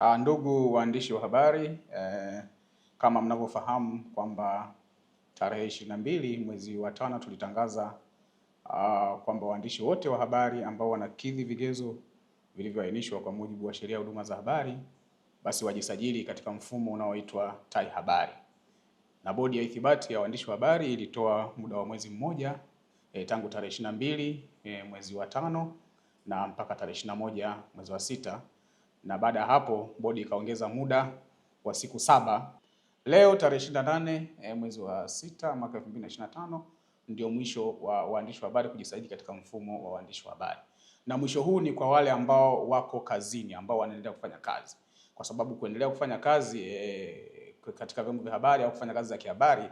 Ah, ndugu waandishi wa habari eh, kama mnavyofahamu kwamba tarehe ishirini na mbili mwezi wa tano tulitangaza uh, kwamba waandishi wote wa habari ambao wanakidhi vigezo vilivyoainishwa kwa mujibu wa sheria ya huduma za habari basi wajisajili katika mfumo unaoitwa Tai Habari, na bodi ya ithibati ya waandishi wa habari ilitoa muda wa mwezi mmoja eh, tangu tarehe ishirini na mbili eh, mwezi wa tano na mpaka tarehe ishirini na moja mwezi wa sita na baada ya hapo bodi ikaongeza muda wa siku saba. Leo tarehe 28 e, eh, mwezi wa sita mwaka 2025 ndio mwisho wa waandishi wa habari kujisajili katika mfumo wa waandishi wa habari, na mwisho huu ni kwa wale ambao wako kazini, ambao wanaendelea kufanya kazi, kwa sababu kuendelea kufanya kazi e, katika vyombo vya habari au kufanya kazi za kihabari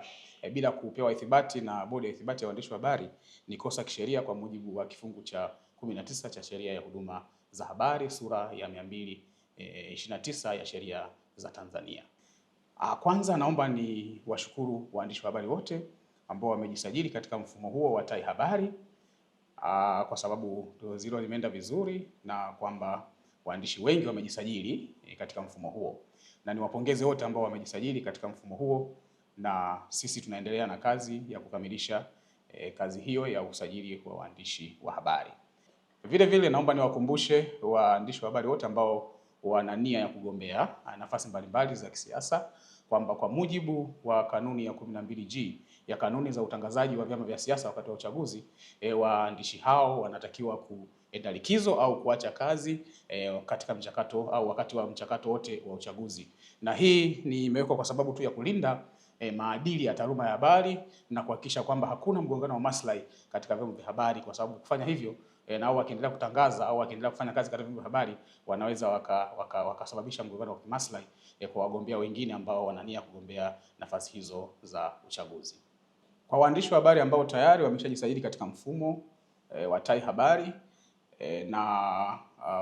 e, bila kupewa ithibati na bodi ya ithibati ya waandishi wa habari ni kosa kisheria kwa mujibu wa kifungu cha 19 cha sheria ya huduma za habari sura ya 229 e, eh, ya sheria za Tanzania. A, ah, kwanza naomba ni washukuru waandishi wa habari wote ambao wamejisajili katika mfumo huo wa Tai Habari a, ah, kwa sababu zilo limeenda vizuri na kwamba waandishi wengi wamejisajili eh, katika mfumo huo na niwapongeze wote ambao wamejisajili katika mfumo huo, na sisi tunaendelea na kazi ya kukamilisha e, kazi hiyo ya usajili wa waandishi wa habari. Vile vile naomba niwakumbushe waandishi wa habari wote ambao wana nia ya kugombea ah, nafasi mbalimbali za kisiasa kwamba kwa mujibu wa kanuni ya 12G ya kanuni za utangazaji wa vyama vya siasa wakati wa uchaguzi e, waandishi hao wanatakiwa kuenda likizo au kuacha kazi e, katika mchakato au wakati wa mchakato wote wa uchaguzi, na hii ni imewekwa kwa sababu tu ya kulinda E, maadili ya taaluma ya habari na kuhakikisha kwamba hakuna mgongano wa maslahi katika vyombo vya habari, kwa sababu kufanya hivyo e, na au wakiendelea kutangaza au wakiendelea kufanya kazi katika vyombo vya habari wanaweza wakasababisha waka, waka mgogoro wa kimaslahi e, kwa wagombea wengine ambao wanania kugombea nafasi hizo za uchaguzi. Kwa waandishi wa habari ambao tayari wameshajisajili katika mfumo e, wa Tai Habari e, na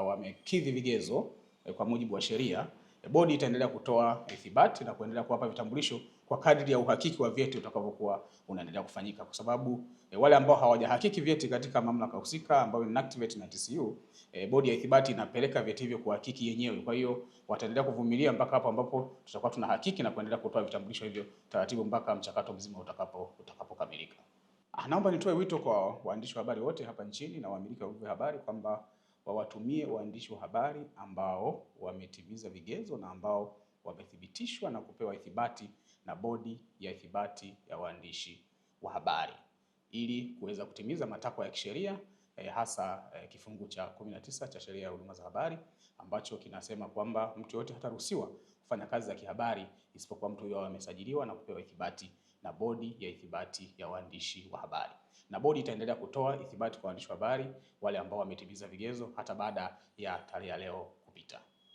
wamekidhi vigezo e, kwa mujibu wa sheria bodi itaendelea kutoa ithibati na kuendelea kuwapa vitambulisho kwa kadri ya uhakiki wa vyeti utakavyokuwa unaendelea kufanyika, kwa sababu e, wale ambao hawajahakiki vyeti katika mamlaka husika ambayo ni NACTVET e na TCU e, eh, bodi ya ithibati inapeleka vyeti hivyo kuhakiki yenyewe. Kwa hiyo wataendelea kuvumilia mpaka hapo ambapo tutakuwa tuna hakiki na kuendelea kutoa vitambulisho hivyo taratibu mpaka mchakato mzima utakapo utakapokamilika. Ah, naomba nitoe wito kwa waandishi wa habari wote hapa nchini na wamiliki wa vyombo vya habari kwamba wawatumie waandishi wa habari ambao wametimiza vigezo na ambao wamethibitishwa na kupewa ithibati na bodi ya ithibati ya waandishi wa habari ili kuweza kutimiza matakwa ya kisheria eh, hasa eh, kifungu cha 19 cha sheria ya huduma za habari ambacho kinasema kwamba mtu yoyote hataruhusiwa kufanya kazi za kihabari isipokuwa mtu huyo amesajiliwa na kupewa ithibati na bodi ya ithibati ya waandishi wa habari, na bodi itaendelea kutoa ithibati kwa waandishi wa habari wale ambao wametimiza vigezo hata baada ya tarehe ya leo kupita.